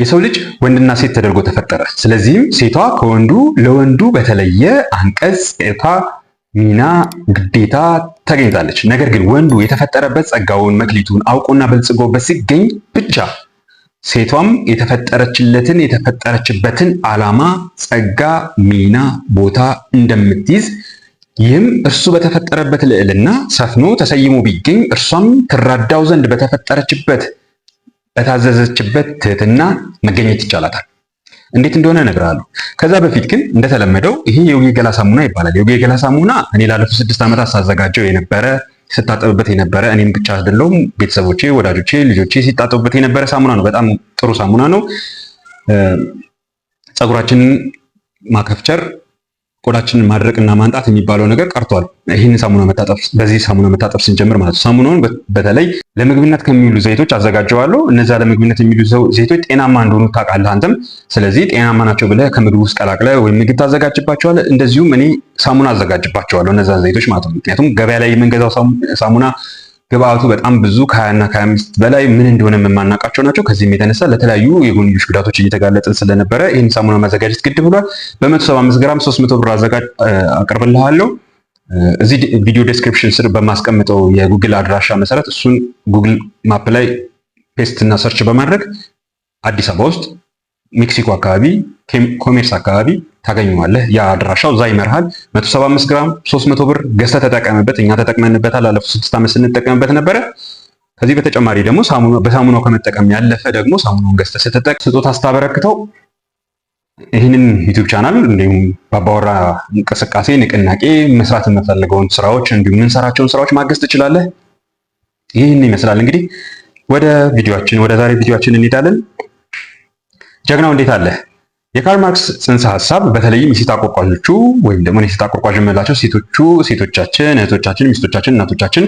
የሰው ልጅ ወንድና ሴት ተደርጎ ተፈጠረ። ስለዚህም ሴቷ ከወንዱ ለወንዱ በተለየ አንቀጽ እታ ሚና ግዴታ ተገኝታለች። ነገር ግን ወንዱ የተፈጠረበት ጸጋውን መክሊቱን አውቆና በልጽጎበት ሲገኝ ብቻ ሴቷም የተፈጠረችለትን የተፈጠረችበትን ዓላማ፣ ጸጋ፣ ሚና፣ ቦታ እንደምትይዝ ይህም እርሱ በተፈጠረበት ልዕልና ሰፍኖ ተሰይሞ ቢገኝ እርሷም ትራዳው ዘንድ በተፈጠረችበት በታዘዘችበት ትህትና መገኘት ይቻላታል። እንዴት እንደሆነ እነግርሃለሁ። ከዛ በፊት ግን እንደተለመደው ይሄ የዮጊ ገላ ሳሙና ይባላል። የዮጊ ገላ ሳሙና እኔ ላለፉት ስድስት ዓመታት ሳዘጋጀው የነበረ ስታጠብበት የነበረ እኔም ብቻ አይደለሁም፣ ቤተሰቦቼ፣ ወዳጆቼ፣ ልጆቼ ሲታጠቡበት የነበረ ሳሙና ነው። በጣም ጥሩ ሳሙና ነው። ፀጉራችንን ማከፍቸር ቆዳችንን ማድረቅና ማንጣት የሚባለው ነገር ቀርቷል። ይህን ሳሙና መታጠብ በዚህ ሳሙና መታጠብ ስንጀምር ማለት ነው። ሳሙናውን በተለይ ለምግብነት ከሚውሉ ዘይቶች አዘጋጀዋለሁ። እነዛ ለምግብነት የሚውሉ ዘይቶች ጤናማ እንደሆኑ ታውቃለህ አንተም። ስለዚህ ጤናማ ናቸው ብለህ ከምግብ ውስጥ ቀላቅለህ ወይም ምግብ ታዘጋጅባቸዋለህ። እንደዚሁም እኔ ሳሙና አዘጋጅባቸዋለሁ እነዛን ዘይቶች ማለት ነው። ምክንያቱም ገበያ ላይ የምንገዛው ሳሙና ግብአቱ በጣም ብዙ ከሀያና ከሀያ አምስት በላይ ምን እንደሆነ የምናውቃቸው ናቸው። ከዚህም የተነሳ ለተለያዩ የጎንዮሽ ጉዳቶች እየተጋለጥን ስለነበረ ይህን ሳሙና ማዘጋጀት ግድ ብሏል። በ175 ግራም መቶ ብር አዘጋጅ አቅርብልሃለሁ። እዚህ ቪዲዮ ዴስክሪፕሽን ስር በማስቀምጠው የጉግል አድራሻ መሰረት እሱን ጉግል ማፕ ላይ ፔስት እና ሰርች በማድረግ አዲስ አበባ ውስጥ ሜክሲኮ አካባቢ ኮሜርስ አካባቢ ታገኘዋለህ። ያ አድራሻው እዛ ይመርሃል። 175 ግራም 300 ብር ገዝተህ ተጠቀምበት። እኛ ተጠቅመንበታል። አለፉት ስድስት ዓመት ስንጠቀምበት ነበረ። ከዚህ በተጨማሪ ደግሞ በሳሙናው ከመጠቀም ያለፈ ደግሞ ሳሙናውን ገዝተህ ስትጠቅ ስጦታ ስታበረክተው ይህንን ዩቲዩብ ቻናል እንዲሁም በአባወራ እንቅስቃሴ ንቅናቄ መስራት የምፈልገውን ስራዎች እንዲሁም የምንሰራቸውን ስራዎች ማገዝ ትችላለህ። ይህን ይመስላል እንግዲህ ወደ ቪዲዮችን ወደ ዛሬ ቪዲዮችን እንሄዳለን። ጀግናው እንዴት አለ? የካርል ማርክስ ጽንሰ ሀሳብ በተለይም የሴት አቋቋዦቹ ወይም ደግሞ የሴት አቋቋዥ የምንላቸው ሴቶቹ ሴቶቻችን፣ እህቶቻችን፣ ሚስቶቻችን፣ እናቶቻችን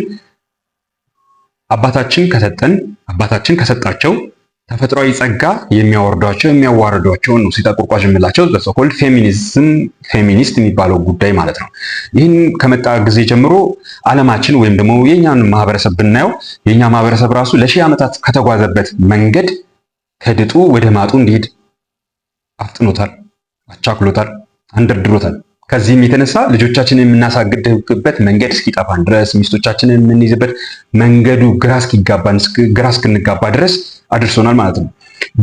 አባታችን ከሰጠን አባታችን ከሰጣቸው ተፈጥሯዊ ጸጋ የሚያወርዷቸው የሚያዋርዷቸውን ነው ሴት አቋቋዥ የምንላቸው በሶኮል ፌሚኒዝም ፌሚኒስት የሚባለው ጉዳይ ማለት ነው። ይህን ከመጣ ጊዜ ጀምሮ ዓለማችን ወይም ደግሞ የእኛን ማህበረሰብ ብናየው የእኛ ማህበረሰብ ራሱ ለሺህ ዓመታት ከተጓዘበት መንገድ ከድጡ ወደ ማጡ እንዲሄድ አፍጥኖታል፣ አቻክሎታል፣ አንደርድሮታል። ከዚህም የተነሳ ልጆቻችንን የምናሳግድበት መንገድ እስኪጠፋን ድረስ ሚስቶቻችንን የምንይዝበት መንገዱ ግራ እስኪጋባን ግራ እስክንጋባ ድረስ አድርሶናል ማለት ነው።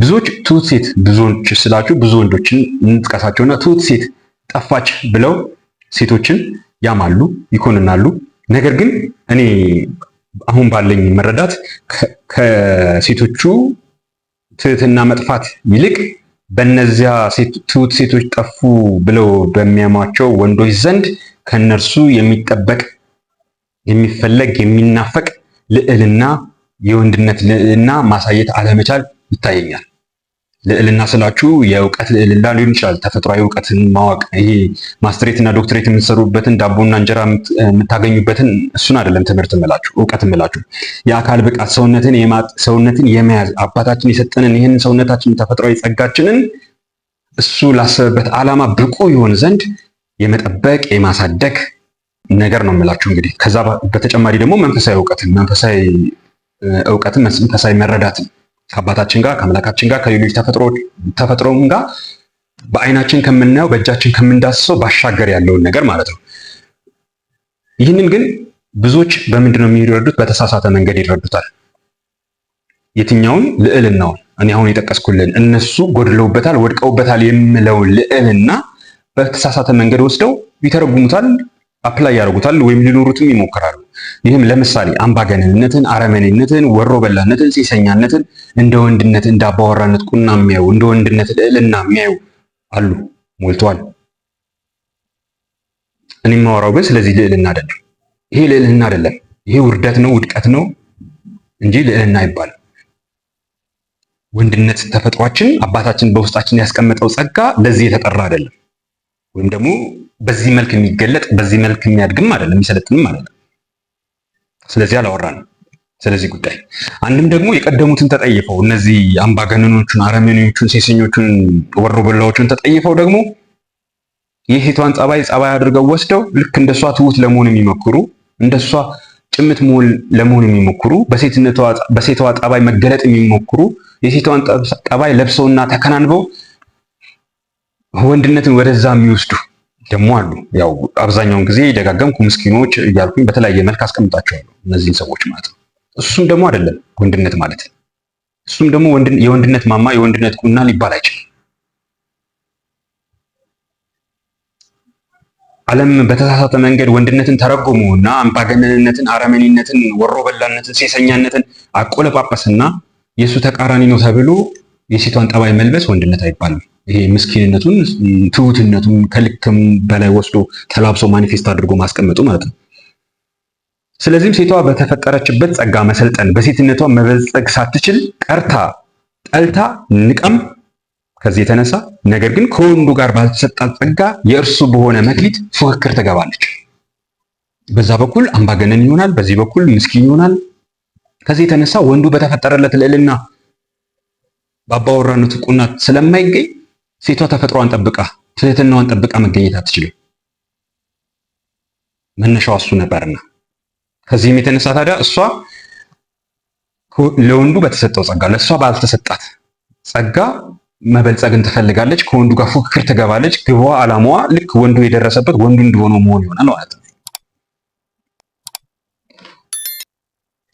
ብዙዎች ትሁት ሴት ብዙዎች ስላችሁ ብዙ ወንዶችን እንጥቀሳቸውና ትሁት ሴት ጠፋች ብለው ሴቶችን ያማሉ፣ ይኮንናሉ። ነገር ግን እኔ አሁን ባለኝ መረዳት ከሴቶቹ ትህትና መጥፋት ይልቅ በእነዚያ ትሑት ሴቶች ጠፉ ብለው በሚያሟቸው ወንዶች ዘንድ ከእነርሱ የሚጠበቅ የሚፈለግ የሚናፈቅ ልዕልና የወንድነት ልዕልና ማሳየት አለመቻል ይታየኛል። ልዕልና ስላችሁ የእውቀት ልዕልና ሊሆን ይችላል። ተፈጥሯዊ እውቀትን ማወቅ ይሄ ማስትሬትና ዶክትሬት የምትሰሩበትን ዳቦና እንጀራ የምታገኙበትን እሱን አይደለም ትምህርት ምላችሁ እውቀት ምላችሁ የአካል ብቃት ሰውነትን ሰውነትን የመያዝ አባታችን የሰጠንን ይህን ሰውነታችን ተፈጥሯዊ ጸጋችንን እሱ ላሰበበት ዓላማ ብቁ ይሆን ዘንድ የመጠበቅ የማሳደግ ነገር ነው የምላችሁ። እንግዲህ ከዛ በተጨማሪ ደግሞ መንፈሳዊ እውቀትን መንፈሳዊ እውቀትን መንፈሳዊ መረዳትን ከአባታችን ጋር ከአምላካችን ጋር ከሌሎች ተፈጥሮም ጋር በአይናችን ከምናየው በእጃችን ከምንዳስሰው ባሻገር ያለውን ነገር ማለት ነው። ይህንን ግን ብዙዎች በምንድን ነው የሚረዱት? በተሳሳተ መንገድ ይረዱታል። የትኛውን ልዕልናውን እኔ አሁን የጠቀስኩልን እነሱ ጎድለውበታል፣ ወድቀውበታል የምለውን ልዕልና በተሳሳተ መንገድ ወስደው ይተረጉሙታል፣ አፕላይ ያደርጉታል፣ ወይም ሊኖሩትም ይሞክራሉ። ይህም ለምሳሌ አምባገነንነትን፣ አረመኔነትን፣ ወሮ በላነትን፣ ሴሰኛነትን እንደ ወንድነት እንደ አባወራነት ቁና የሚያዩ እንደ ወንድነት ልዕልና የሚያዩ አሉ ሞልተዋል። እኔ የማወራው ግን ስለዚህ ልዕልና አይደለም። ይሄ ልዕልና አይደለም። ይሄ ውርደት ነው፣ ውድቀት ነው እንጂ ልዕልና አይባልም። ወንድነት ተፈጥሯችን አባታችን በውስጣችን ያስቀመጠው ጸጋ ለዚህ የተጠራ አይደለም። ወይም ደግሞ በዚህ መልክ የሚገለጥ በዚህ መልክ የሚያድግም አይደለም፣ የሚሰለጥንም አይደለም። ስለዚህ አላወራንም ስለዚህ ጉዳይ። አንድም ደግሞ የቀደሙትን ተጠይፈው እነዚህ አምባገነኖቹን፣ አረመኔዎቹን፣ ሴሰኞቹን፣ ወሮ በላዎቹን ተጠይፈው ደግሞ የሴቷን ጸባይ ጸባይ አድርገው ወስደው ልክ እንደሷ ትውት ለመሆን የሚሞክሩ እንደሷ ጭምት መሆን ለመሆን የሚሞክሩ በሴቷ ጠባይ መገለጥ የሚሞክሩ የሴቷን ጠባይ ለብሰውና ተከናንበው ወንድነትን ወደዛ የሚወስዱ ደግሞ አሉ። ያው አብዛኛውን ጊዜ ደጋገምኩ ምስኪኖች እያልኩኝ በተለያየ መልክ አስቀምጣቸዋለሁ እነዚህን ሰዎች ማለት ነው። እሱም ደግሞ አይደለም ወንድነት ማለት እሱም ደግሞ የወንድነት ማማ የወንድነት ቁና ሊባል አይችልም። ዓለም በተሳሳተ መንገድ ወንድነትን ተረጎሙ እና አምባገነንነትን፣ አረመኔነትን፣ ወሮበላነትን፣ ሴሰኛነትን አቆለጳጰስና የእሱ ተቃራኒ ነው ተብሎ የሴቷን ጠባይ መልበስ ወንድነት አይባልም። ይሄ ምስኪንነቱን ትሁትነቱን ከልክም በላይ ወስዶ ተላብሶ ማኒፌስት አድርጎ ማስቀመጡ ማለት ነው። ስለዚህም ሴቷ በተፈጠረችበት ጸጋ መሰልጠን በሴትነቷ መበልጸግ ሳትችል ቀርታ ጠልታ ንቀም ከዚህ የተነሳ ነገር ግን ከወንዱ ጋር ባልተሰጣት ጸጋ የእርሱ በሆነ መክሊት ፉክክር ትገባለች። በዛ በኩል አምባገነን ይሆናል፣ በዚህ በኩል ምስኪን ይሆናል። ከዚህ የተነሳ ወንዱ በተፈጠረለት ልዕልና በአባወራነቱ ቁናት ስለማይገኝ ሴቷ ተፈጥሯን ጠብቃ ትህትናዋን ጠብቃ መገኘት አትችልም። መነሻዋ እሱ ነበርና ከዚህም የተነሳ ታዲያ እሷ ለወንዱ በተሰጠው ጸጋ ለእሷ ባልተሰጣት ጸጋ መበልጸግን ትፈልጋለች። ከወንዱ ጋር ፉክክር ትገባለች። ግቧ፣ አላማዋ ልክ ወንዱ የደረሰበት ወንዱ እንደሆነው መሆን ይሆናል ማለት ነው።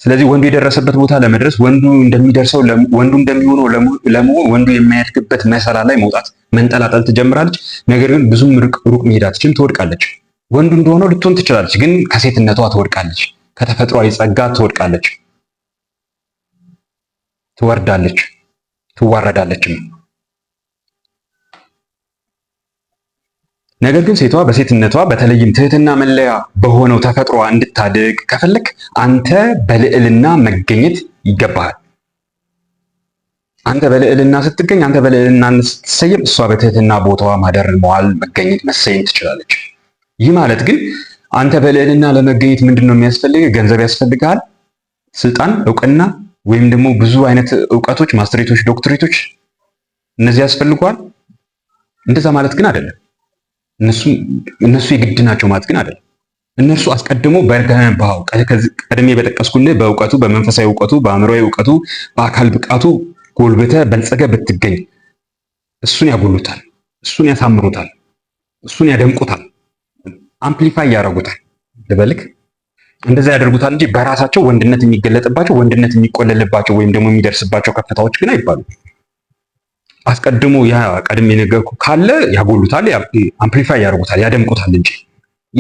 ስለዚህ ወንዱ የደረሰበት ቦታ ለመድረስ ወንዱ እንደሚደርሰው ወንዱ እንደሚሆነው ለመሆን ወንዱ የማያድግበት መሰላ ላይ መውጣት መንጠላጠል ትጀምራለች። ነገር ግን ብዙም ሩቅ መሄድ አትችልም፣ ትወድቃለች። ወንዱ እንደሆነው ልትሆን ትችላለች፣ ግን ከሴትነቷ ትወድቃለች። ከተፈጥሯዊ ጸጋ ትወድቃለች፣ ትወርዳለች፣ ትዋረዳለችም። ነገር ግን ሴቷ በሴትነቷ በተለይም ትህትና መለያ በሆነው ተፈጥሯ እንድታድግ ከፈለክ አንተ በልዕልና መገኘት ይገባሃል። አንተ በልዕልና ስትገኝ፣ አንተ በልዕልና ስትሰየም፣ እሷ በትህትና ቦታዋ ማደር፣ መዋል፣ መገኘት፣ መሰየም ትችላለች። ይህ ማለት ግን አንተ በልዕልና ለመገኘት ምንድን ነው የሚያስፈልግህ? ገንዘብ ያስፈልግሃል፣ ስልጣን፣ እውቅና ወይም ደግሞ ብዙ አይነት እውቀቶች፣ ማስትሬቶች፣ ዶክትሬቶች እነዚህ ያስፈልጓል። እንደዛ ማለት ግን አይደለም። እነሱ የግድ ናቸው ማለት ግን አይደለም። እነርሱ አስቀድሞ በገነባው ቀድሜ በጠቀስኩልህ በእውቀቱ በመንፈሳዊ እውቀቱ በአእምሮዊ እውቀቱ በአካል ብቃቱ ጎልብተ በልጸገ ብትገኝ እሱን ያጎሉታል፣ እሱን ያሳምሩታል፣ እሱን ያደምቁታል፣ አምፕሊፋይ ያደርጉታል ልበልክ እንደዛ ያደርጉታል እንጂ በራሳቸው ወንድነት የሚገለጥባቸው ወንድነት የሚቆለልባቸው ወይም ደግሞ የሚደርስባቸው ከፍታዎች ግን አይባሉም። አስቀድሞ ያ ቀድሜ የነገርኩ ካለ ያጎሉታል፣ አምፕሊፋይ ያደርጉታል፣ ያደምቁታል እንጂ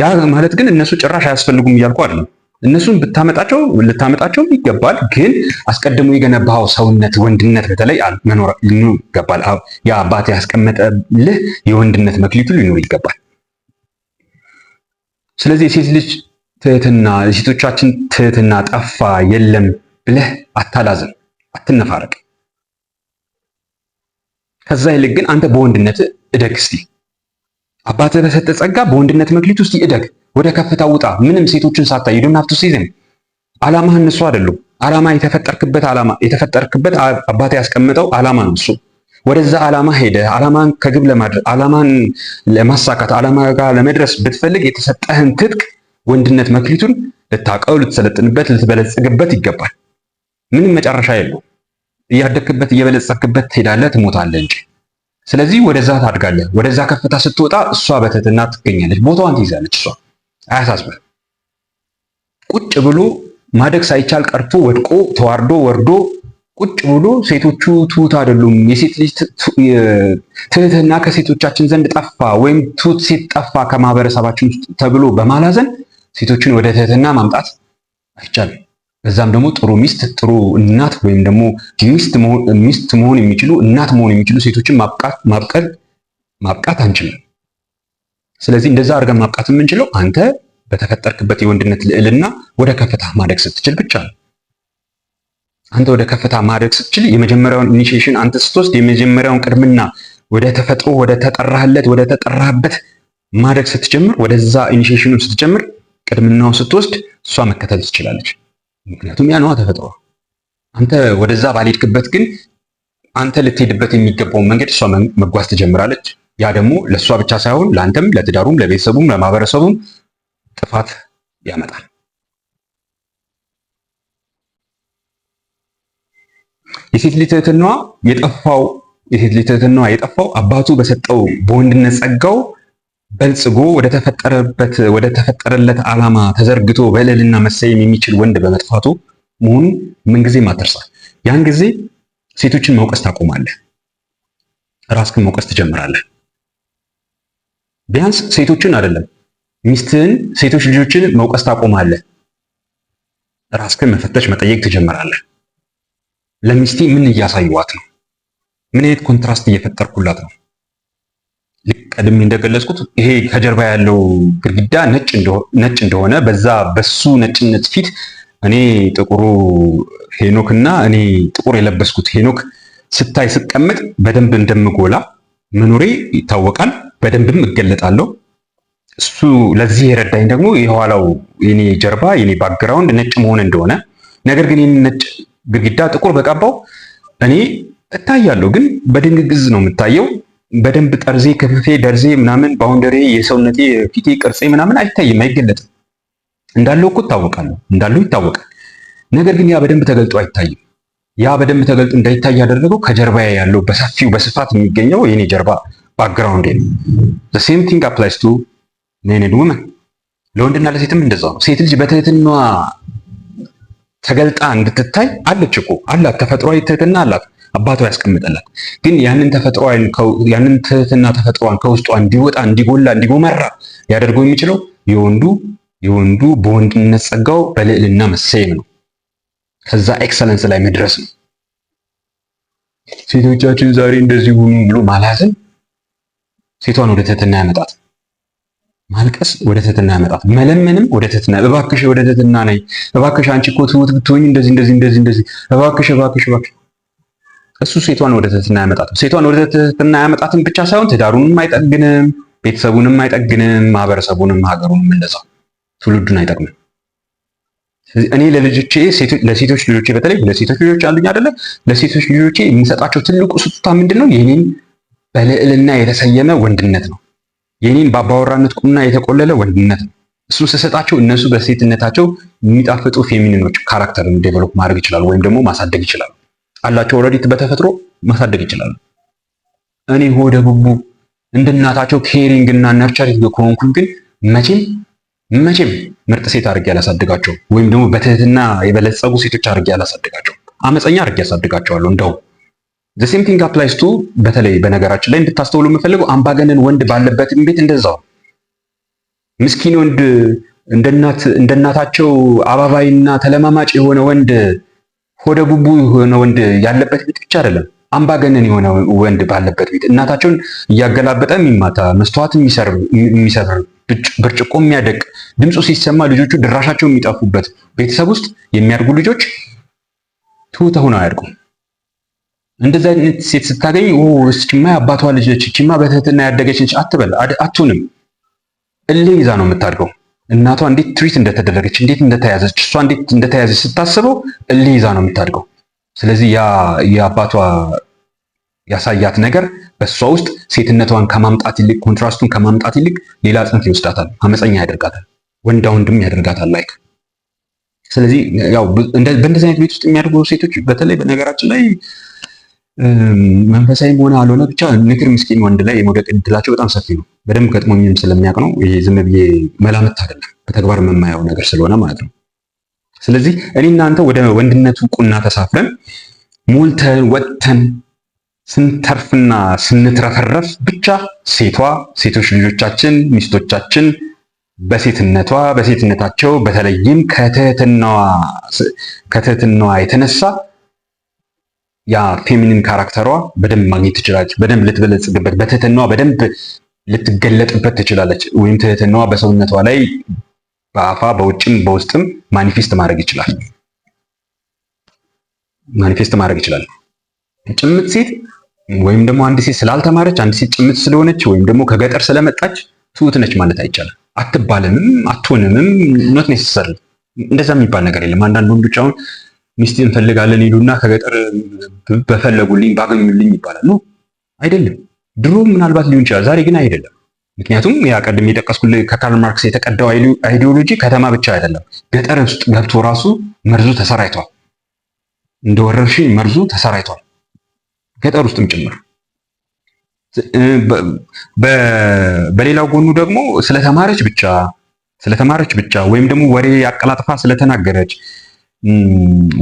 ያ ማለት ግን እነሱ ጭራሽ አያስፈልጉም እያልኩ አይደለም። እነሱን ብታመጣቸው ልታመጣቸው ይገባል። ግን አስቀድሞ የገነባው ሰውነት ወንድነት በተለይ መኖር ይገባል። የአባት ያስቀመጠልህ የወንድነት መክሊቱ ሊኖር ይገባል። ስለዚህ የሴት ልጅ ትህትና የሴቶቻችን ትህትና ጠፋ የለም ብለህ አታላዝም፣ አትነፋረቅ። ከዛ ይልቅ ግን አንተ በወንድነት እደግ እስቲ አባትህ በሰጠ ጸጋ በወንድነት መክሊት ውስጥ እደግ፣ ወደ ከፍታ ውጣ። ምንም ሴቶችን ሳታይ ዩ ዶንት ሃቭ ቱ እነሱ አይደሉም። የተፈጠርክበት አላማ የተፈጠርክበት አባትህ ያስቀመጠው አላማ ነው እሱ ወደዛ አላማ ሄደ አላማን ከግብ ለማድረስ አላማን ለማሳካት አላማ ጋር ለመድረስ ብትፈልግ የተሰጠህን ትጥቅ ወንድነት መክሊቱን ልታቀው፣ ልትሰለጥንበት፣ ልትበለጽግበት ይገባል። ምንም መጨረሻ የለውም። እያደግክበት እየበለጸክበት ትሄዳለህ፣ ትሞታለህ እንጂ። ስለዚህ ወደዛ ታድጋለህ። ወደዛ ከፍታ ስትወጣ እሷ በትህትና ትገኛለች፣ ቦታዋን ትይዛለች። እሷ አያሳስብህ። ቁጭ ብሎ ማደግ ሳይቻል ቀርቶ ወድቆ ተዋርዶ ወርዶ ቁጭ ብሎ ሴቶቹ ትሁት አይደሉም፣ የሴት ልጅ ትህትና ከሴቶቻችን ዘንድ ጠፋ ወይም ትሁት ሴት ጠፋ ከማህበረሰባችን ተብሎ በማላዘን ሴቶችን ወደ ትህትና ማምጣት አይቻልም። እዛም ደግሞ ጥሩ ሚስት፣ ጥሩ እናት ወይም ደግሞ ሚስት መሆን የሚችሉ እናት መሆን የሚችሉ ሴቶችን ማብቃት ማብቃት አንችልም። ስለዚህ እንደዛ አድርገን ማብቃት የምንችለው አንተ በተፈጠርክበት የወንድነት ልዕልና ወደ ከፍታ ማደግ ስትችል ብቻ ነው። አንተ ወደ ከፍታ ማደግ ስትችል የመጀመሪያውን ኢኒሺዬሽን አንተ ስትወስድ የመጀመሪያውን ቅድምና ወደ ተፈጥሮ ወደ ተጠራህለት ወደ ተጠራህበት ማደግ ስትጀምር፣ ወደዛ ኢኒሺዬሽኑን ስትጀምር፣ ቅድምናውን ስትወስድ እሷ መከተል ትችላለች። ምክንያቱም ያ ነዋ ተፈጥሮ። አንተ ወደዛ ባልሄድክበት ግን አንተ ልትሄድበት የሚገባውን መንገድ እሷ መጓዝ ትጀምራለች። ያ ደግሞ ለእሷ ብቻ ሳይሆን ለአንተም፣ ለትዳሩም፣ ለቤተሰቡም፣ ለማህበረሰቡም ጥፋት ያመጣል። የሴት ልጅ ትህትናዋ የጠፋው የሴት ልጅ ትህትናዋ የጠፋው አባቱ በሰጠው በወንድነት ጸጋው በልጽጎ ወደተፈጠረበት ወደተፈጠረለት ዓላማ ተዘርግቶ በእልልና መሰየም የሚችል ወንድ በመጥፋቱ መሆኑን ምንጊዜ አትርሳ። ያን ጊዜ ሴቶችን መውቀስ ታቆማለህ፣ ራስክን መውቀስ ትጀምራለህ። ቢያንስ ሴቶችን አይደለም ሚስትህን፣ ሴቶች ልጆችን መውቀስ ታቆማለህ፣ ራስክን መፈተሽ መጠየቅ ትጀምራለህ። ለሚስቴ ምን እያሳዩዋት ነው? ምን አይነት ኮንትራስት እየፈጠርኩላት ነው? ልክ ቀድሜ እንደገለጽኩት ይሄ ከጀርባ ያለው ግድግዳ ነጭ እንደሆነ በዛ በሱ ነጭነት ፊት እኔ ጥቁሩ ሄኖክ እና እኔ ጥቁር የለበስኩት ሄኖክ ስታይ ስቀመጥ በደንብ እንደምጎላ መኖሬ ይታወቃል። በደንብም እገለጣለሁ። እሱ ለዚህ የረዳኝ ደግሞ የኋላው የኔ ጀርባ የኔ ባክግራውንድ ነጭ መሆን እንደሆነ፣ ነገር ግን ይህን ነጭ ግድግዳ ጥቁር በቀባው እኔ እታያለሁ፣ ግን በድንግግዝ ነው የምታየው። በደንብ ጠርዜ ክፍፌ ደርዜ ምናምን ባውንደሬ የሰውነቴ ፊቴ ቅርጼ ምናምን አይታይም፣ አይገለጥም። እንዳለው እኮ ይታወቃል፣ እንዳለው ይታወቃል። ነገር ግን ያ በደንብ ተገልጦ አይታይም። ያ በደንብ ተገልጦ እንዳይታይ ያደረገው ከጀርባዬ ያለው በሰፊው በስፋት የሚገኘው የኔ ጀርባ ባክግራውንድ ነው። the same thing applies to men and women ለወንድና ለሴትም እንደዛ ነው። ሴት ልጅ በትህትና ተገልጣ እንድትታይ አለች እኮ አላት፣ ተፈጥሯዊ ትህትና አላት። አባቷ ያስቀምጠላት። ግን ያንን ተፈጥሯን ያንን ትህትና ተፈጥሯን ከውስጧ እንዲወጣ እንዲጎላ እንዲጎመራ ሊያደርገው የሚችለው የወንዱ የወንዱ በወንድነት ጸጋው በልዕልና መሰየም ነው። ከዛ ኤክሰለንስ ላይ መድረስ ነው። ሴቶቻችን ዛሬ እንደዚህ ሁኑ ብሎ ማላዝን ሴቷን ወደ ትህትና ያመጣት። ማልቀስ ወደ ትህትና ያመጣት። መለመንም ወደ ትህትና እባክሽ፣ ወደ ትህትና ነይ እባክሽ፣ አንቺ እኮ ትሁት ብትሆኚ እንደዚህ እንደዚህ እንደዚህ እንደዚህ እባክሽ፣ እባክሽ፣ እባክሽ እሱ ሴቷን ወደ ትህትና አያመጣትም። ሴቷን ወደ ትህትና አያመጣትም ብቻ ሳይሆን ትዳሩንም አይጠግንም፣ ቤተሰቡንም አይጠግንም፣ ማህበረሰቡንም ሀገሩንም እንደዛው ትውልዱን አይጠቅምም። እኔ ለልጆቼ ለሴቶች ልጆቼ በተለይ ለሴቶች ልጆች አሉኝ አይደለ? ለሴቶች ልጆቼ የምሰጣቸው ትልቁ ስጦታ ምንድን ነው? የኔን በልዕልና የተሰየመ ወንድነት ነው። የኔን በአባወራነት ቁምና የተቆለለ ወንድነት ነው። እሱ ስሰጣቸው እነሱ በሴትነታቸው የሚጣፍጡ ፌሚኒኖች ካራክተርን ዴቨሎፕ ማድረግ ይችላሉ፣ ወይም ደግሞ ማሳደግ ይችላሉ። አላቸው ኦልሬዲ በተፈጥሮ ማሳደግ ይችላሉ። እኔ ሆደ ቡቡ እንድናታቸው ኬሪንግ እና ነርቸሪንግ ከሆንኩኝ ግን መቼም መቼም ምርጥ ሴት አድርጌ አላሳድጋቸው ወይም ደግሞ በትህትና የበለጸጉ ሴቶች አድርጌ አላሳድጋቸው፣ አመፀኛ አድርጌ አሳድጋቸዋለሁ። እንደው ዘ ሴም ቲንግ አፕላይስ ቱ በተለይ በነገራችን ላይ እንድታስተውሉ የምፈልገው አምባገነን ወንድ ባለበትም ቤት እንደዛው ምስኪን ወንድ እንደናት እንደናታቸው አባባይና ተለማማጭ የሆነ ወንድ ወደ ቡቡ የሆነ ወንድ ያለበት ቤት ብቻ አይደለም አምባገነን የሆነ ወንድ ባለበት ቤት እናታቸውን እያገላበጠ የሚማታ መስተዋት የሚሰብር ብርጭቆ የሚያደቅ ድምፁ ሲሰማ ልጆቹ ድራሻቸው የሚጠፉበት ቤተሰብ ውስጥ የሚያድጉ ልጆች ትሁት ሆነው አያድጉም። እንደዚህ አይነት ሴት ስታገኝ እስችማ የአባቷ ልጅ እችማ በትህትና ያደገች አትበል አትሁንም። እልህ ይዛ ነው የምታድገው። እናቷ እንዴት ትሪት እንደተደረገች እንዴት እንደተያዘች እሷ እንዴት እንደተያዘች ስታስበው እልህ ይዛ ነው የምታድገው። ስለዚህ ያ የአባቷ ያሳያት ነገር በእሷ ውስጥ ሴትነቷን ከማምጣት ይልቅ ኮንትራስቱን ከማምጣት ይልቅ ሌላ ጽንፍ ይወስዳታል፣ አመፀኛ ያደርጋታል፣ ወንዳ ወንድም ያደርጋታል። ላይክ ስለዚህ ያው በእንደዚህ አይነት ቤት ውስጥ የሚያድጉ ሴቶች በተለይ በነገራችን ላይ መንፈሳዊ ሆነ አልሆነ ብቻ ንክር ምስኪን ወንድ ላይ የመውደቅ እድላቸው በጣም ሰፊ ነው። በደንብ ገጥሞኝም ስለሚያውቅ ነው። ይሄ ዝም ብዬ መላምት አይደለም፣ በተግባር የምናየው ነገር ስለሆነ ማለት ነው። ስለዚህ እኔ እናንተ ወደ ወንድነቱ ቁና ተሳፍረን ሞልተን ወጥተን ስንተርፍና ስንትረፈረፍ ብቻ ሴቷ ሴቶች ልጆቻችን ሚስቶቻችን በሴትነቷ በሴትነታቸው በተለይም ከትህትናዋ የተነሳ ያ ፌሚኒን ካራክተሯ በደንብ ማግኘት ትችላለች። በደንብ ልትበለጽግበት፣ በትህትናዋ በደንብ ልትገለጥበት ትችላለች። ወይም ትህትናዋ በሰውነቷ ላይ በአፋ በውጭም በውስጥም ማኒፌስት ማድረግ ይችላል ማኒፌስት ማድረግ ይችላል። ጭምት ሴት ወይም ደግሞ አንድ ሴት ስላልተማረች አንድ ሴት ጭምት ስለሆነች ወይም ደግሞ ከገጠር ስለመጣች ትሁት ነች ማለት አይቻልም። አትባልምም፣ አትሆንምም ኖት ኔሴሰሪ እንደዛ የሚባል ነገር የለም። አንዳንድ ወንዶች አሁን ሚስት እንፈልጋለን ይሉና ከገጠር በፈለጉልኝ ባገኙልኝ ይባላል። ነው አይደለም። ድሮ ምናልባት ሊሆን ይችላል፣ ዛሬ ግን አይደለም። ምክንያቱም ያ ቀድም የጠቀስኩልህ ከካርል ማርክስ የተቀዳው አይዲዮሎጂ ከተማ ብቻ አይደለም፣ ገጠር ውስጥ ገብቶ ራሱ መርዙ ተሰራይቷል። እንደ ወረርሽኝ መርዙ ተሰራይቷል፣ ገጠር ውስጥም ጭምር። በሌላው ጎኑ ደግሞ ስለተማረች ብቻ ስለተማረች ብቻ ወይም ደግሞ ወሬ አቀላጥፋ ስለተናገረች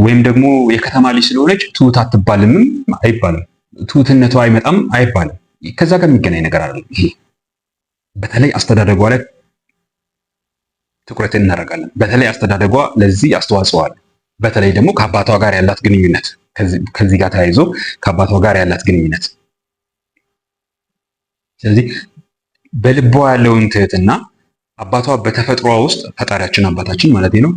ወይም ደግሞ የከተማ ልጅ ስለሆነች ትሁት አትባልምም አይባልም። ትሁትነቷ አይመጣም አይባልም። ከዛ ጋር የሚገናኝ ነገር አለ። ይሄ በተለይ አስተዳደጓ ላይ ትኩረት እናደርጋለን። በተለይ አስተዳደጓ ለዚህ አስተዋጽኦ አለ። በተለይ ደግሞ ከአባቷ ጋር ያላት ግንኙነት ከዚህ ጋር ተያይዞ ከአባቷ ጋር ያላት ግንኙነት ስለዚህ በልቧ ያለውን ትህትና አባቷ በተፈጥሯ ውስጥ ፈጣሪያችን አባታችን ማለት ነው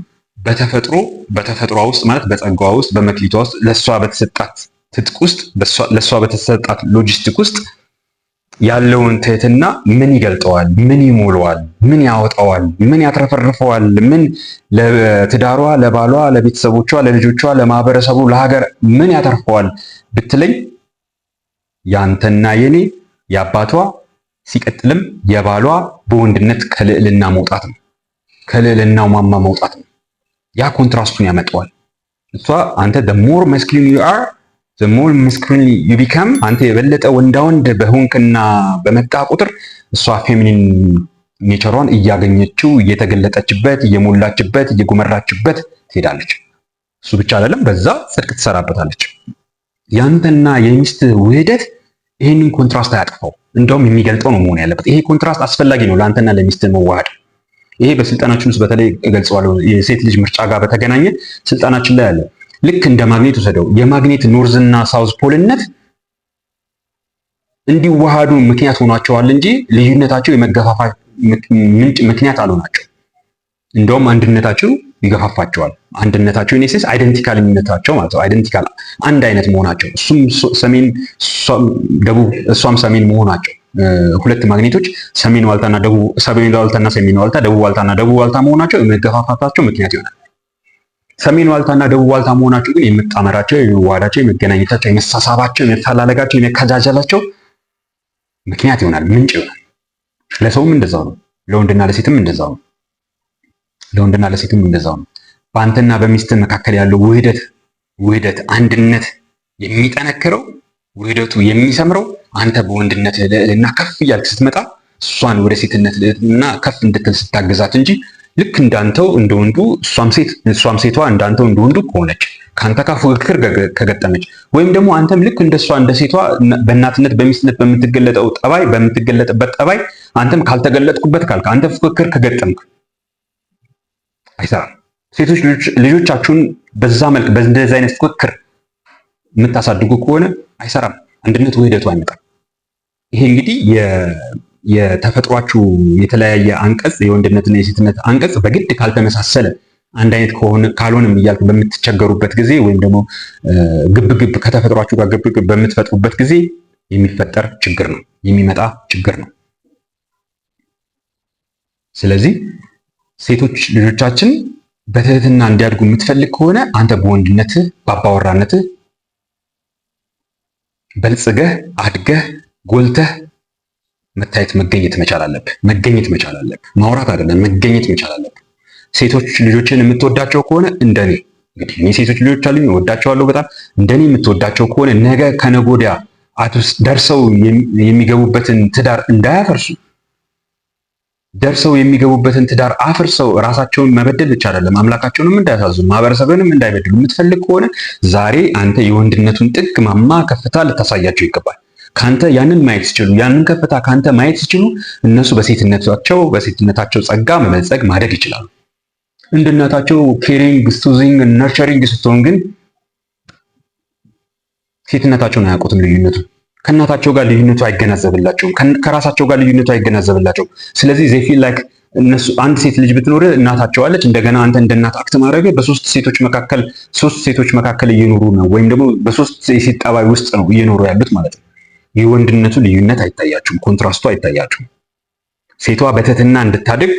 በተፈጥሮ በተፈጥሯ ውስጥ ማለት በጸጋዋ ውስጥ በመክሊቷ ውስጥ ለእሷ በተሰጣት ትጥቅ ውስጥ ለእሷ በተሰጣት ሎጂስቲክ ውስጥ ያለውን ትህትና ምን ይገልጠዋል? ምን ይሞለዋል? ምን ያወጣዋል? ምን ያትረፈርፈዋል? ምን ለትዳሯ፣ ለባሏ፣ ለቤተሰቦቿ፣ ለልጆቿ፣ ለማህበረሰቡ፣ ለሀገር ምን ያተርፈዋል ብትለኝ ያንተና የኔ የአባቷ ሲቀጥልም የባሏ በወንድነት ከልዕልና መውጣት ነው። ከልዕልናው ማማ መውጣት ነው። ያ ኮንትራስቱን ያመጣዋል። እሷ አንተ the more masculine you are the more masculine you become አንተ የበለጠ ወንዳ ወንድ በሆንክና በመጣ ቁጥር እሷ ፌሚኒን ኔቸሯን እያገኘችው እየተገለጠችበት እየሞላችበት እየጎመራችበት ትሄዳለች። እሱ ብቻ አይደለም፣ በዛ ጽድቅ ትሰራበታለች። ያንተና የሚስት ውህደት ይህንን ኮንትራስት አያጥፋው፣ እንደውም የሚገልጠው ነው መሆን ያለበት። ይሄ ኮንትራስት አስፈላጊ ነው ለአንተና ለሚስት መዋሃድ ይሄ በስልጠናችን ውስጥ በተለይ ገልጸዋለሁ። የሴት ልጅ ምርጫ ጋር በተገናኘ ስልጠናችን ላይ አለ። ልክ እንደ ማግኔት ውሰደው። የማግኔት ኖርዝና ሳውዝ ፖልነት እንዲዋሃዱ ምክንያት ሆኗቸዋል እንጂ ልዩነታቸው የመገፋፋት ምንጭ ምክንያት አልሆናቸው። እንደውም አንድነታቸው ይገፋፋቸዋል። አንድነታቸው ኢኔሴስ አይደንቲካል ማለት ነው። አይደንቲካል አንድ አይነት መሆናቸው እሱም ሰሜን ደቡብ እሷም ሰሜን መሆናቸው ሁለት ማግኔቶች ሰሜን ዋልታና ደቡብ ሰሜን ዋልታና ሰሜን ዋልታ ደቡብ ዋልታና ደቡብ ዋልታ መሆናቸው የመገፋፋታቸው ምክንያት ይሆናል። ሰሜን ዋልታና ደቡብ ዋልታ መሆናቸው ግን የመጣመራቸው፣ የመዋሃዳቸው፣ የመገናኘታቸው፣ የመሳሳባቸው፣ የመፈላለጋቸው፣ የመከጃጀላቸው ምክንያት ይሆናል፣ ምንጭ ይሆናል። ለሰውም እንደዛው ነው። ለወንድና ለሴትም እንደዛው ነው። ለወንድና ለሴትም እንደዛው ነው። በአንተና በሚስት መካከል ያለው ውህደት ውህደት አንድነት የሚጠነክረው ውህደቱ የሚሰምረው አንተ በወንድነት ልዕልና ከፍ እያልክ ስትመጣ እሷን ወደ ሴትነት ልዕልና ከፍ እንድትል ስታገዛት እንጂ ልክ እንዳንተው እንደወንዱ እሷም ሴቷ እንዳንተው እንደወንዱ ከሆነች ከአንተ ጋር ፍክክር ከገጠመች ወይም ደግሞ አንተም ልክ እንደሷ እንደ ሴቷ በእናትነት በሚስትነት በምትገለጠው ጠባይ በምትገለጥበት ጠባይ አንተም ካልተገለጥኩበት ካልክ አንተ ፍክክር ከገጠምክ አይሰራም። ሴቶች ልጆቻችሁን በዛ መልክ በእንደዚህ አይነት ፍክክር የምታሳድጉ ከሆነ አይሰራም። አንድነቱ ውህደቱ አይመጣም። ይሄ እንግዲህ የተፈጥሯችሁ የተለያየ አንቀጽ የወንድነትና የሴትነት አንቀጽ በግድ ካልተመሳሰለ አንድ አይነት ከሆነ ካልሆነም እያልኩ በምትቸገሩበት ጊዜ ወይም ደግሞ ግብግብ ከተፈጥሯችሁ ጋር ግብግብ በምትፈጥሩበት ጊዜ የሚፈጠር ችግር ነው፣ የሚመጣ ችግር ነው። ስለዚህ ሴቶች ልጆቻችን በትህትና እንዲያድጉ የምትፈልግ ከሆነ አንተ በወንድነትህ በአባወራነትህ በልጽገህ አድገህ ጎልተህ መታየት መገኘት መቻል አለብህ። መገኘት መቻል አለብህ። ማውራት አይደለም መገኘት መቻል አለብህ። ሴቶች ልጆችን የምትወዳቸው ከሆነ እንደኔ እንግዲህ እኔ ሴቶች ልጆች አሉኝ እወዳቸዋለሁ በጣም እንደኔ የምትወዳቸው ከሆነ ነገ ከነጎዳ ደርሰው የሚገቡበትን ትዳር እንዳያፈርሱ ደርሰው የሚገቡበትን ትዳር አፍርሰው ራሳቸውን መበደል ብቻ አይደለም፣ አምላካቸውንም እንዳያሳዝኑ ማህበረሰብንም እንዳይበድሉ የምትፈልግ ከሆነ ዛሬ አንተ የወንድነቱን ጥግ ማማ ከፍታ ልታሳያቸው ይገባል። ካንተ ያንን ማየት ሲችሉ ያንን ከፍታ ካንተ ማየት ሲችሉ እነሱ በሴትነታቸው በሴትነታቸው ጸጋ መመጸግ ማደግ ይችላሉ። እንድነታቸው ኬሪንግ፣ ስቱዚንግ፣ ነርቸሪንግ ስትሆን ግን ሴትነታቸውን አያውቁትም ልዩነቱ ከእናታቸው ጋር ልዩነቱ አይገናዘብላቸውም። ከራሳቸው ጋር ልዩነቱ አይገናዘብላቸውም። ስለዚህ ዜፊ ላይክ እነሱ አንድ ሴት ልጅ ብትኖር እናታቸው አለች። እንደገና አንተ እንደ እናት አክት ማድረግ በሶስት ሴቶች መካከል ሶስት ሴቶች መካከል እየኖሩ ነው፣ ወይም ደግሞ በሶስት የሴት ጠባይ ውስጥ ነው እየኖሩ ያሉት ማለት ነው። የወንድነቱ ልዩነት አይታያችሁም፣ ኮንትራስቱ አይታያችሁም። ሴቷ በትህትና እንድታድግ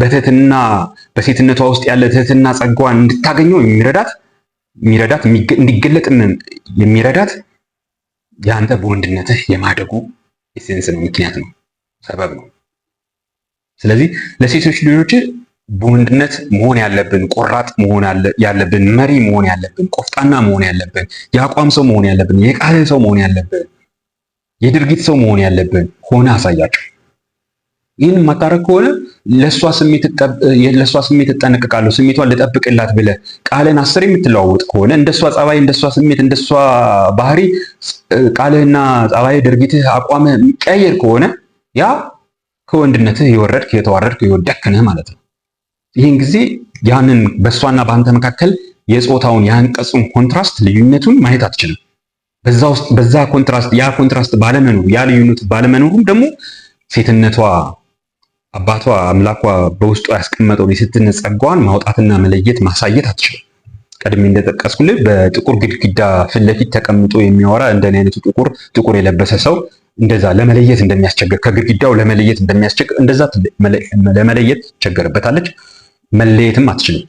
በትህትና በሴትነቷ ውስጥ ያለ ትህትና ጸጋዋን እንድታገኘው የሚረዳት የሚረዳት እንዲገለጥ የሚረዳት የአንተ በወንድነትህ የማደጉ ኢሴንስ ነው፣ ምክንያት ነው፣ ሰበብ ነው። ስለዚህ ለሴቶች ልጆች በወንድነት መሆን ያለብን ቆራጥ መሆን ያለብን መሪ መሆን ያለብን ቆፍጣና መሆን ያለብን የአቋም ሰው መሆን ያለብን የቃል ሰው መሆን ያለብን የድርጊት ሰው መሆን ያለብን ሆነ አሳያቸው። ይህን የማታረግ ከሆነ ለእሷ ስሜት እጠነቅቃለሁ ስሜቷን ልጠብቅላት ብለ ቃልህን አስር የምትለዋወጥ ከሆነ እንደሷ ጸባይ፣ እንደሷ ስሜት፣ እንደሷ ባህሪ ቃልህና ጸባይ፣ ድርጊትህ፣ አቋምህ ቀየር ከሆነ ያ ከወንድነትህ የወረድክ የተዋረድክ ይወደክ ነህ ማለት ነው። ይህን ጊዜ ያንን በእሷና በአንተ መካከል የጾታውን የአንቀጹን ኮንትራስት ልዩነቱን ማየት አትችልም። በዛ ኮንትራስት ያ ኮንትራስት ባለመኖሩ ያ ልዩነት ባለመኖሩም ደግሞ ሴትነቷ አባቷ አምላኳ በውስጡ ያስቀመጠውን የስድስት ጸጋዋን ማውጣትና መለየት ማሳየት አትችልም። ቀድሜ እንደጠቀስኩልህ በጥቁር ግድግዳ ፊት ለፊት ተቀምጦ የሚያወራ እንደኔ አይነቱ ጥቁር ጥቁር የለበሰ ሰው እንደዛ ለመለየት እንደሚያስቸግር ከግድግዳው ለመለየት እንደሚያስቸግር እንደዛ ለመለየት ትቸገርበታለች። መለየትም አትችልም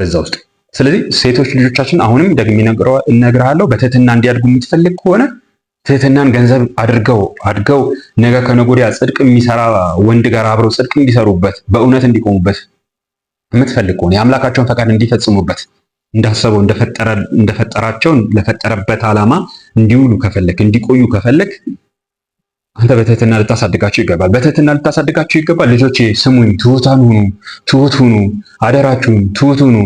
በዛ ውስጥ። ስለዚህ ሴቶች ልጆቻችን አሁንም ደግሜ እነግርሃለሁ፣ በትህትና እንዲያድጉ የምትፈልግ ከሆነ ትህትናን ገንዘብ አድርገው አድገው ነገ ከነጎዳ ጽድቅ የሚሰራ ወንድ ጋር አብረው ጽድቅ እንዲሰሩበት በእውነት እንዲቆሙበት የምትፈልግ ከሆነ የአምላካቸውን ፈቃድ እንዲፈጽሙበት እንዳሰበው እንደፈጠራቸውን ለፈጠረበት ዓላማ እንዲውሉ ከፈለክ እንዲቆዩ ከፈለክ አንተ በትህትና ልታሳድጋቸው ይገባል። በትህትና ልታሳድጋቸው ይገባል። ልጆቼ ስሙኝ፣ ትሁታን ሁኑ፣ ትሁት ሁኑ፣ አደራችሁን ትሁት ሁኑ፣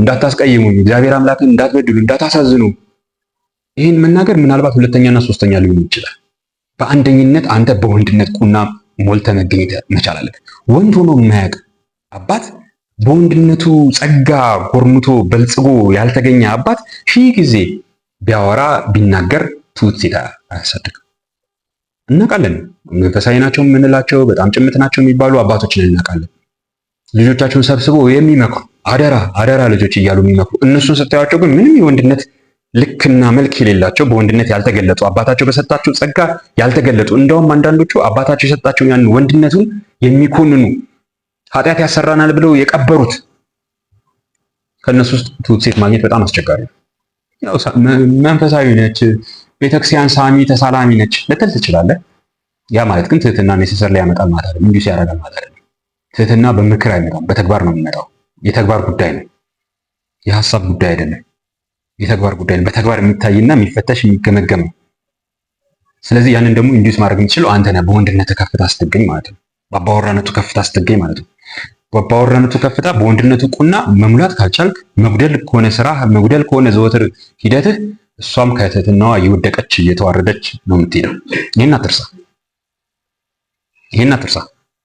እንዳታስቀይሙኝ፣ እግዚአብሔር አምላክን እንዳትበድሉ፣ እንዳታሳዝኑ ይህን መናገር ምናልባት ሁለተኛና ሶስተኛ ሊሆን ይችላል። በአንደኝነት አንተ በወንድነት ቁና ሞልተ መገኘት መቻል አለብህ። ወንድ ሆኖ የማያውቅ አባት በወንድነቱ ጸጋ ጎርምቶ በልጽጎ ያልተገኘ አባት ሺህ ጊዜ ቢያወራ ቢናገር ትውት ሴት አያሳድግም። እናውቃለን። መንፈሳዊ ናቸው የምንላቸው በጣም ጭምት ናቸው የሚባሉ አባቶችን እናውቃለን። ልጆቻቸውን ሰብስበው የሚመክሩ አደራ አደራ ልጆች እያሉ የሚመክሩ እነሱን ስታያቸው ግን ምንም የወንድነት ልክና መልክ የሌላቸው በወንድነት ያልተገለጡ አባታቸው በሰጣቸው ጸጋ ያልተገለጡ እንደውም አንዳንዶቹ አባታቸው የሰጣቸውን ያን ወንድነቱን የሚኮንኑ ኃጢአት ያሰራናል ብለው የቀበሩት ከእነሱ ውስጥ ትሁት ሴት ማግኘት በጣም አስቸጋሪ ነው። መንፈሳዊ ነች፣ ቤተክርስቲያን ሳሚ ተሳላሚ ነች ልትል ትችላለህ። ያ ማለት ግን ትህትና ኔሴሰር ላይ ያመጣል ማለት አይደለም። እንዲሁ ሲያደርጋል ማለት አይደለም። ትህትና በምክር አይመጣም፣ በተግባር ነው የሚመጣው። የተግባር ጉዳይ ነው፣ የሀሳብ ጉዳይ አይደለም። የተግባር ጉዳይ ነው። በተግባር የሚታይና የሚፈተሽ የሚገመገም ነው። ስለዚህ ያንን ደግሞ ኢንዲዩስ ማድረግ የምትችለው አንተ ነህ በወንድነት ከፍታ ስትገኝ ማለት ነው። በአባወራነቱ ከፍታ ስትገኝ ማለት ነው። በአባወራነቱ ከፍታ በወንድነቱ ቁና መሙላት ካልቻልክ መጉደል ከሆነ ስራ መጉደል ከሆነ ዘወትር ሂደትህ እሷም ከትህትናዋ እየወደቀች እየተዋረደች ነው የምትሄደው። ይህን አትርሳ፣ ይህን አትርሳ።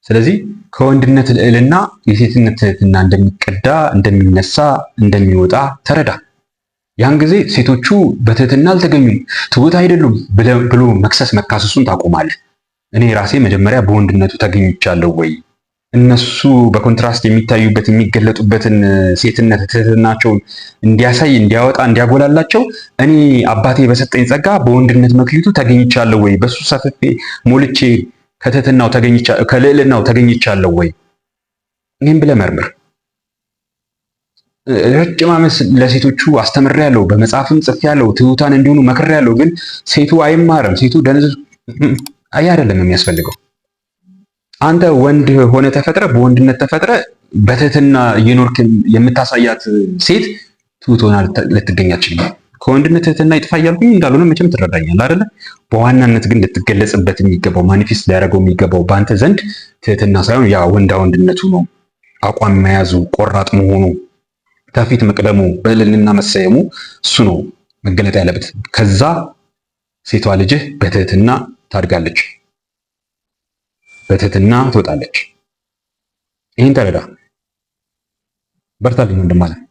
ስለዚህ ከወንድነት ልዕልና የሴትነት ትህትና እንደሚቀዳ እንደሚነሳ እንደሚወጣ ተረዳ። ያን ጊዜ ሴቶቹ በትህትና አልተገኙም፣ ትሑት አይደሉም ብሎ መክሰስ መካሰሱን ታቆማለህ። እኔ ራሴ መጀመሪያ በወንድነቱ ተገኝቻለሁ ወይ እነሱ በኮንትራስት የሚታዩበት የሚገለጡበትን ሴትነት ትህትናቸውን እንዲያሳይ እንዲያወጣ እንዲያጎላላቸው እኔ አባቴ በሰጠኝ ጸጋ በወንድነት መክሊቱ ተገኝቻለሁ ወይ በሱ ሰፍፌ ሞልቼ ከትህትናው ከልዕልናው ተገኝቻለሁ ወይ? ይህን ብለህ መርምር። ረጅም ዓመት ለሴቶቹ አስተምር ያለው በመጽሐፍም ጽፍ ያለው ትሑታን እንዲሆኑ መክር ያለው ግን ሴቱ አይማርም፣ ሴቱ ደንዝ አይ አይደለም የሚያስፈልገው አንተ ወንድ ሆነ ተፈጥረ በወንድነት ተፈጥረ በትህትና እየኖርክ የምታሳያት ሴት ትሁት ሆና ልትገኝ አትችልም። ከወንድነት ትህትና ይጥፋ እያልኩኝ እንዳልሆነ መቼም ትረዳኛል አይደለ? በዋናነት ግን ልትገለጽበት የሚገባው ማኒፌስት ሊያደርገው የሚገባው በአንተ ዘንድ ትህትና ሳይሆን ያ ወንዳ ወንድነቱ ነው፣ አቋም መያዙ፣ ቆራጥ መሆኑ ከፊት መቅደሙ በልልና መሰየሙ እሱ ነው መገለጥ ያለበት። ከዛ ሴቷ ልጅህ በትህትና ታድጋለች፣ በትህትና ትወጣለች። ይህን ተረዳ። በርታልኝ ወንድም